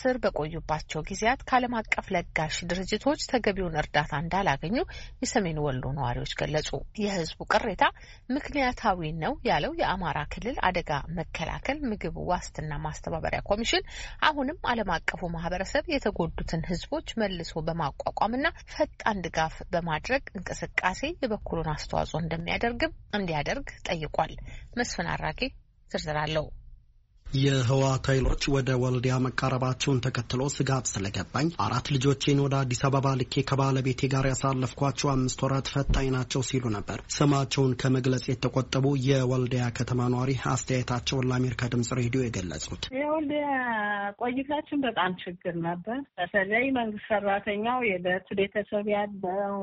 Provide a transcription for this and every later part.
ስር በቆዩባቸው ጊዜያት ከዓለም አቀፍ ለጋሽ ድርጅቶች ተገቢውን እርዳታ እንዳላገኙ የሰሜን ወሎ ነዋሪዎች ገለጹ። የህዝቡ ቅሬታ ምክንያታዊ ነው ያለው የአማራ ክልል አደጋ መከላከል ምግብ ዋስትና ማስተባበሪያ ኮሚሽን አሁንም ዓለም አቀፉ ማህበረሰብ የተጎዱትን ህዝቦች መልሶ በማቋቋምና ፈጣን ድጋፍ በማድረግ እንቅስቃሴ የበኩሉን አስተዋጽኦ እንደሚያደርግም እንዲያደርግ ጠይቋል። መስፍን አራጌ ዝርዝር አለው። የህወሓት ኃይሎች ወደ ወልዲያ መቃረባቸውን ተከትሎ ስጋት ስለገባኝ አራት ልጆቼን ወደ አዲስ አበባ ልኬ ከባለቤቴ ጋር ያሳለፍኳቸው አምስት ወራት ፈታኝ ናቸው ሲሉ ነበር ስማቸውን ከመግለጽ የተቆጠቡ የወልዲያ ከተማ ነዋሪ አስተያየታቸውን ለአሜሪካ ድምጽ ሬዲዮ የገለጹት የወልዲያ ቆይታችን በጣም ችግር ነበር። በተለይ መንግስት ሰራተኛው የዕለት ቤተሰብ ያለው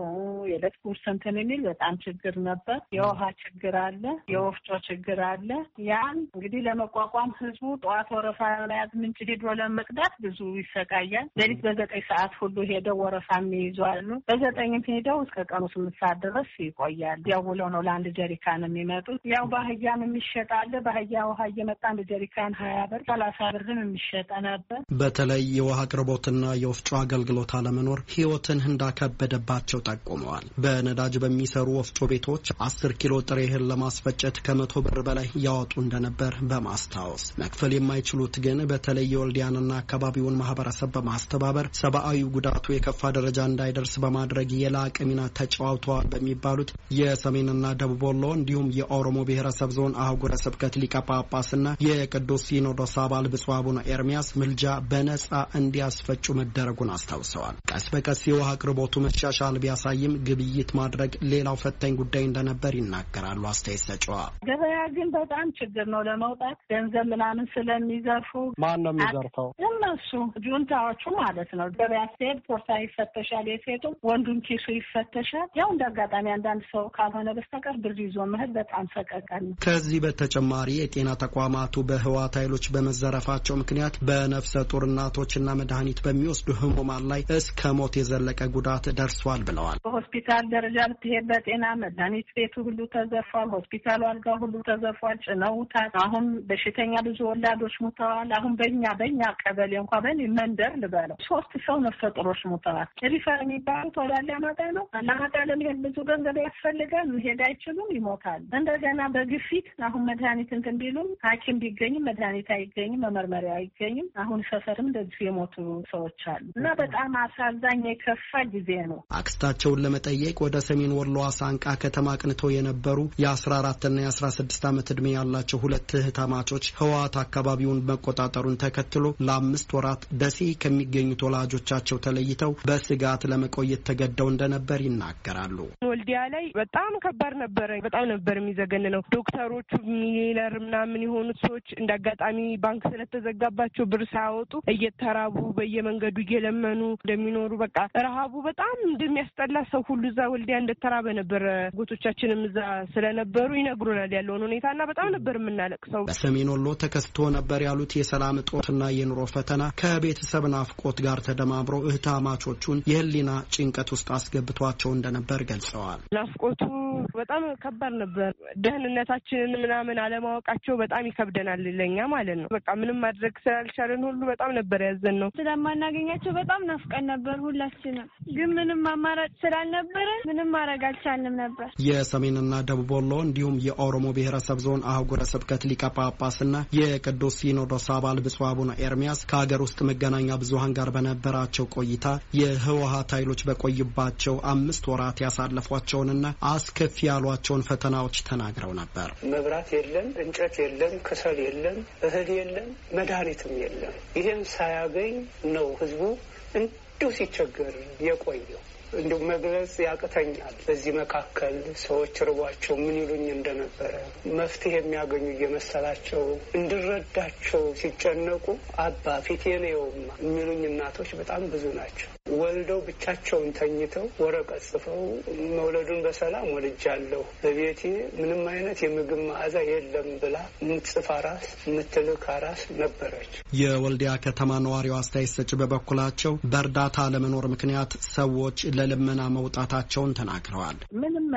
የዕለት ጉርስ እንትን የሚል በጣም ችግር ነበር። የውሃ ችግር አለ፣ የወፍጮ ችግር አለ። ያን እንግዲህ ለመቋቋም ህዝቡ ጠዋት ወረፋ መያዝ ምንጭ ሄዶ ለመቅዳት ብዙ ይሰቃያል። ሌሊት በዘጠኝ ሰዓት ሁሉ ሄደው ወረፋ የሚይዟሉ። በዘጠኝም ሄደው እስከ ቀኑ ስምንት ሰዓት ድረስ ይቆያል። ያው ውለው ነው ለአንድ ጀሪካን የሚመጡት። ያው ባህያም የሚሸጣለ ባህያ ውሃ እየመጣ አንድ ጀሪካን ሀያ ብር ሰላሳ ብርም የሚሸጠ ነበር። በተለይ የውሃ አቅርቦትና የወፍጮ አገልግሎት አለመኖር ህይወትን እንዳከበደባቸው ጠቁመዋል። በነዳጅ በሚሰሩ ወፍጮ ቤቶች አስር ኪሎ ጥሬ እህል ለማስፈጨት ከመቶ ብር በላይ ያወጡ እንደነበር በማስታወስ መክፈል የማይችሉት ግን በተለይ የወልዲያንና አካባቢውን ማህበረሰብ በማስተባበር ሰብአዊ ጉዳቱ የከፋ ደረጃ እንዳይደርስ በማድረግ የላቀ ሚና ተጫዋውተዋል በሚባሉት የሰሜንና ደቡብ ወሎ እንዲሁም የኦሮሞ ብሔረሰብ ዞን አህጉረ ስብከት ሊቀ ጳጳስና የቅዱስ ሲኖዶስ አባል ብፁዕ አቡነ ኤርሚያስ ምልጃ በነጻ እንዲያስፈጩ መደረጉን አስታውሰዋል። ቀስ በቀስ የውሃ አቅርቦቱ መሻሻል ቢያሳይም ግብይት ማድረግ ሌላው ፈታኝ ጉዳይ እንደነበር ይናገራሉ አስተያየት ሰጫዋ። ገበያ ግን በጣም ችግር ነው ለመውጣት ገንዘብ ምናምን ምናምን ስለሚዘርፉ ማን ነው የሚዘርፈው? እነሱ ጁንታዎቹ ማለት ነው። ገበያ ሲሄድ ፖርታ ይፈተሻል፣ የሴቱ ወንዱን ኪሱ ይፈተሻል። ያው እንደ አጋጣሚ አንዳንድ ሰው ካልሆነ በስተቀር ብር ይዞ መሄድ በጣም ሰቀቀን። ከዚህ በተጨማሪ የጤና ተቋማቱ በህዋት ኃይሎች በመዘረፋቸው ምክንያት በነፍሰ ጡር እናቶችና መድኃኒት በሚወስዱ ህሙማን ላይ እስከ ሞት የዘለቀ ጉዳት ደርሷል ብለዋል። በሆስፒታል ደረጃ ብትሄድ በጤና መድኃኒት ቤቱ ሁሉ ተዘርፏል። ሆስፒታሉ አልጋ ሁሉ ተዘርፏል። ጭነውታል። አሁን በሽተኛ ብዙ ወላዶች ሙተዋል። አሁን በኛ በኛ ቀበሌ እንኳ በእኔ መንደር ልበለው ሶስት ሰው ነፍሰ ጡሮች ሙተዋል። ሪፈር የሚባሉት ወደ አላማጣ ነው። አላማጣ ለመሄድ ብዙ ገንዘብ ያስፈልጋል። መሄድ አይችሉም፣ ይሞታል። እንደገና በግፊት አሁን መድኃኒት እንትን ቢሉም ሐኪም ቢገኝም መድኃኒት አይገኝም፣ መመርመሪያ አይገኝም። አሁን ሰፈርም እንደዚሁ የሞቱ ሰዎች አሉ እና በጣም አሳዛኝ የከፋ ጊዜ ነው። አክስታቸውን ለመጠየቅ ወደ ሰሜን ወሎ አሳንቃ ከተማ አቅንተው የነበሩ የአስራ 14 ና የ16 ዓመት ዕድሜ ያላቸው ሁለት እህታማቾች ህወሓት አካባቢውን መቆጣጠሩን ተከትሎ ለአምስት ወራት ደሴ ከሚገኙት ወላጆቻቸው ተለይተው በስጋት ለመቆየት ተገደው እንደነበር ይናገራሉ። ወልዲያ ላይ በጣም ከባድ ነበረ። በጣም ነበር የሚዘገን ነው። ዶክተሮቹ ሚሊነር ምናምን የሆኑት ሰዎች እንደ አጋጣሚ ባንክ ስለተዘጋባቸው ብር ሳያወጡ እየተራቡ በየመንገዱ እየለመኑ እንደሚኖሩ በቃ ረሃቡ በጣም እንደሚያስጠላ ሰው ሁሉ እዛ ወልዲያ እንደተራበ ነበረ። ጎቶቻችንም እዛ ስለነበሩ ይነግሩናል ያለውን ሁኔታና በጣም ነበር ሰው በሰሜን ወሎ ተከ ተከስቶ ነበር ያሉት የሰላም እጦትና የኑሮ ፈተና ከቤተሰብ ናፍቆት ጋር ተደማምሮ እህታማቾቹን የህሊና ጭንቀት ውስጥ አስገብቷቸው እንደነበር ገልጸዋል። ናፍቆቱ በጣም ከባድ ነበር። ደህንነታችንን ምናምን አለማወቃቸው በጣም ይከብደናል ለኛ ማለት ነው። በቃ ምንም ማድረግ ስላልቻለን ሁሉ በጣም ነበር ያዘን ነው። ስለማናገኛቸው በጣም ናፍቀን ነበር ሁላችንም። ግን ምንም አማራጭ ስላልነበረን ምንም ማድረግ አልቻልንም ነበር። የሰሜንና ደቡብ ወሎ እንዲሁም የኦሮሞ ብሔረሰብ ዞን አህጉረ ስብከት ሊቀ ጳጳስና የቅዱስ ሲኖዶስ አባል ብፁዕ አቡነ ኤርሚያስ ከሀገር ውስጥ መገናኛ ብዙሀን ጋር በነበራቸው ቆይታ የህወሀት ኃይሎች በቆይባቸው አምስት ወራት ያሳለፏቸውንና አስከፊ ያሏቸውን ፈተናዎች ተናግረው ነበር። መብራት የለም፣ እንጨት የለም፣ ክሰል የለም፣ እህል የለም፣ መድኃኒትም የለም። ይህም ሳያገኝ ነው ህዝቡ እንዲሁ ሲቸገር የቆየው። እንዲሁ መግለጽ ያቅተኛል። በዚህ መካከል ሰዎች ርቧቸው ምን ይሉኝ እንደነበረ መፍትሄ የሚያገኙ እየመሰላቸው እንድረዳቸው ሲጨነቁ አባ ፊቴ የውማ የሚሉኝ እናቶች በጣም ብዙ ናቸው። ወልደው ብቻቸውን ተኝተው ወረቀት ጽፈው መውለዱን በሰላም ወልጃለሁ፣ በቤቴ ምንም አይነት የምግብ መዓዛ የለም ብላ የምትጽፍ አራስ ምትልክ አራስ ነበረች። የወልዲያ ከተማ ነዋሪው አስተያየት ሰጭ በበኩላቸው በእርዳታ ለመኖር ምክንያት ሰዎች ለልመና መውጣታቸውን ተናግረዋል። ምንም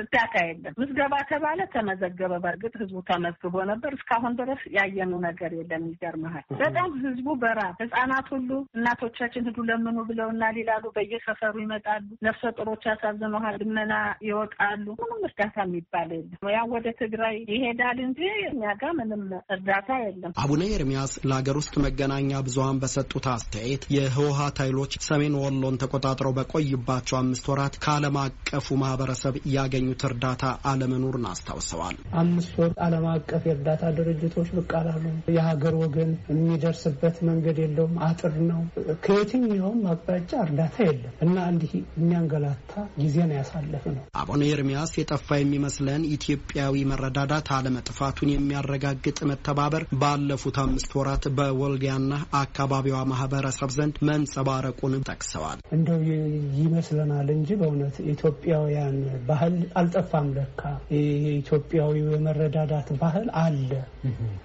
እርዳታ የለም። ምዝገባ ተባለ፣ ተመዘገበ። በእርግጥ ህዝቡ ተመዝግቦ ነበር። እስካሁን ድረስ ያየኑ ነገር የለም። ይገርመሃል። በጣም ህዝቡ በራብ ህጻናት ሁሉ እናቶቻችን ሂዱ ለምኑ ብለውናል ይላሉ። በየሰፈሩ ይመጣሉ። ነፍሰ ጡሮች ያሳዝነሃል፣ ልመና ይወጣሉ። ምንም እርዳታ የሚባል የለም። ያ ወደ ትግራይ ይሄዳል እንጂ እኛ ጋር ምንም እርዳታ የለም። አቡነ ኤርሚያስ ለሀገር ውስጥ መገናኛ ብዙሀን በሰጡት አስተያየት የህወሀት ኃይሎች ሰሜን ወሎን ተቆጣጥረው በቆይ በሚያገለግልባቸው አምስት ወራት ከዓለም አቀፉ ማህበረሰብ ያገኙት እርዳታ አለመኖርን አስታውሰዋል። አምስት ወር ዓለም አቀፍ የእርዳታ ድርጅቶች ብቅ አላሉ። የሀገር ወገን የሚደርስበት መንገድ የለውም፣ አጥር ነው። ከየትኛውም አቅጣጫ እርዳታ የለም እና እንዲህ የሚያንገላታ ጊዜን ያሳለፍ ነው። አቡነ ኤርሚያስ የጠፋ የሚመስለን ኢትዮጵያዊ መረዳዳት አለመጥፋቱን የሚያረጋግጥ መተባበር ባለፉት አምስት ወራት በወልዲያና አካባቢዋ ማህበረሰብ ዘንድ መንጸባረቁንም ጠቅሰዋል። እንደው ይመስለናል እንጂ በእውነት ኢትዮጵያውያን ባህል አልጠፋም። ለካ የኢትዮጵያዊ የመረዳዳት ባህል አለ።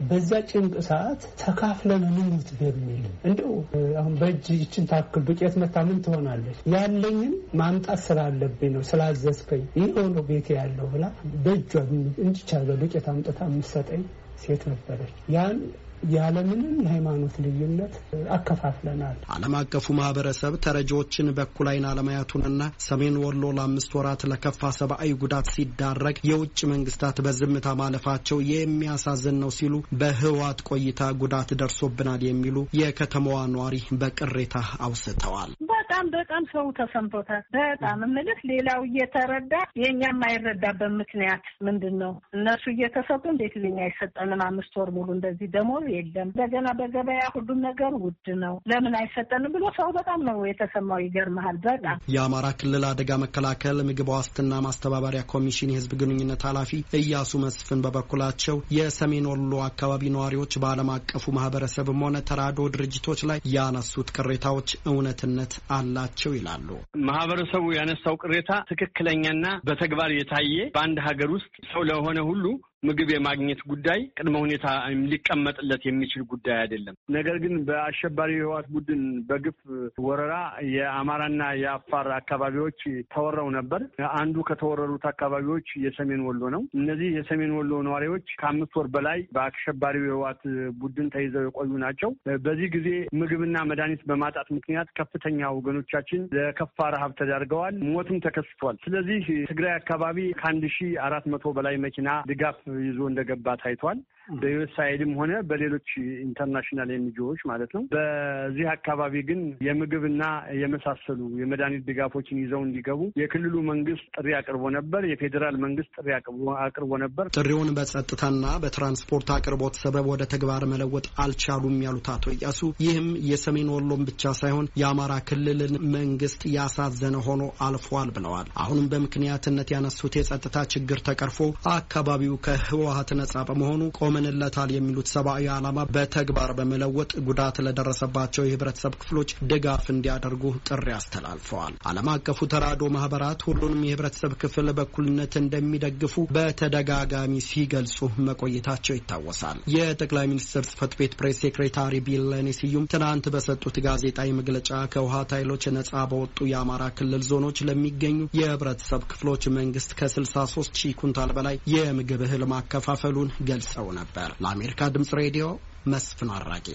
በዛ ጭንቅ ሰዓት ተካፍለን ንሙት በሚል እንደው አሁን በእጅ ይችን ታክል ዱቄት መታ ምን ትሆናለች ያለኝን ማምጣት ስላለብኝ ነው ስላዘዝከኝ ይኸው ነው ቤቴ ያለው ብላ በእጇ እንዲቻለ ዱቄት አምጥታ የምትሰጠኝ ሴት ነበረች። ያን ያለምንም የሃይማኖት ልዩነት አከፋፍለናል። ዓለም አቀፉ ማህበረሰብ ተረጂዎችን በኩል አይን አለማየቱንና ሰሜን ወሎ ለአምስት ወራት ለከፋ ሰብአዊ ጉዳት ሲዳረግ የውጭ መንግስታት በዝምታ ማለፋቸው የሚያሳዝን ነው ሲሉ በህወሓት ቆይታ ጉዳት ደርሶብናል የሚሉ የከተማዋ ነዋሪ በቅሬታ አውስተዋል። በጣም በጣም ሰው ተሰምቶታል። በጣም እምልህ ሌላው እየተረዳ የእኛ አይረዳበት ምክንያት ምንድን ነው? እነሱ እየተሰጡ እንዴት ለኛ አይሰጠንም? አምስት ወር ሙሉ እንደዚህ ደሞዝ የለም፣ እንደገና በገበያ ሁሉም ነገር ውድ ነው፣ ለምን አይሰጠንም ብሎ ሰው በጣም ነው የተሰማው። ይገርመሃል። በጣም የአማራ ክልል አደጋ መከላከል ምግብ ዋስትና ማስተባበሪያ ኮሚሽን የህዝብ ግንኙነት ኃላፊ እያሱ መስፍን በበኩላቸው የሰሜን ወሎ አካባቢ ነዋሪዎች በዓለም አቀፉ ማህበረሰብም ሆነ ተራድኦ ድርጅቶች ላይ ያነሱት ቅሬታዎች እውነትነት አላቸው ይላሉ። ማህበረሰቡ ያነሳው ቅሬታ ትክክለኛና በተግባር የታየ በአንድ ሀገር ውስጥ ሰው ለሆነ ሁሉ ምግብ የማግኘት ጉዳይ ቅድመ ሁኔታ ሊቀመጥለት የሚችል ጉዳይ አይደለም። ነገር ግን በአሸባሪ የህወሓት ቡድን በግፍ ወረራ የአማራና የአፋር አካባቢዎች ተወረው ነበር። አንዱ ከተወረሩት አካባቢዎች የሰሜን ወሎ ነው። እነዚህ የሰሜን ወሎ ነዋሪዎች ከአምስት ወር በላይ በአሸባሪው የህወሓት ቡድን ተይዘው የቆዩ ናቸው። በዚህ ጊዜ ምግብና መድኃኒት በማጣት ምክንያት ከፍተኛ ወገኖቻችን ለከፋ ረሃብ ተዳርገዋል። ሞትም ተከስቷል። ስለዚህ ትግራይ አካባቢ ከአንድ ሺህ አራት መቶ በላይ መኪና ድጋፍ ይዞ እንደገባ ታይቷል። በዩኤስአይድም ሆነ በሌሎች ኢንተርናሽናል ኤንጂዎች ማለት ነው። በዚህ አካባቢ ግን የምግብና የመሳሰሉ የመድኃኒት ድጋፎችን ይዘው እንዲገቡ የክልሉ መንግስት ጥሪ አቅርቦ ነበር። የፌዴራል መንግስት ጥሪ አቅርቦ ነበር። ጥሪውን በጸጥታና በትራንስፖርት አቅርቦት ሰበብ ወደ ተግባር መለወጥ አልቻሉም ያሉት አቶ እያሱ ይህም የሰሜን ወሎን ብቻ ሳይሆን የአማራ ክልልን መንግስት ያሳዘነ ሆኖ አልፏል ብለዋል። አሁንም በምክንያትነት ያነሱት የጸጥታ ችግር ተቀርፎ አካባቢው ከ ህወሀት ነጻ በመሆኑ ቆመንለታል የሚሉት ሰብአዊ ዓላማ በተግባር በመለወጥ ጉዳት ለደረሰባቸው የህብረተሰብ ክፍሎች ድጋፍ እንዲያደርጉ ጥሪ አስተላልፈዋል። ዓለም አቀፉ ተራድኦ ማህበራት ሁሉንም የህብረተሰብ ክፍል በኩልነት እንደሚደግፉ በተደጋጋሚ ሲገልጹ መቆየታቸው ይታወሳል። የጠቅላይ ሚኒስትር ጽህፈት ቤት ፕሬስ ሴክሬታሪ ቢለኔ ስዩም ትናንት በሰጡት ጋዜጣዊ መግለጫ ከውሃት ኃይሎች ነጻ በወጡ የአማራ ክልል ዞኖች ለሚገኙ የህብረተሰብ ክፍሎች መንግስት ከ63 ሺህ ኩንታል በላይ የምግብ እህል ማከፋፈሉን ገልጸው ነበር። ለአሜሪካ ድምጽ ሬዲዮ መስፍን አራጌ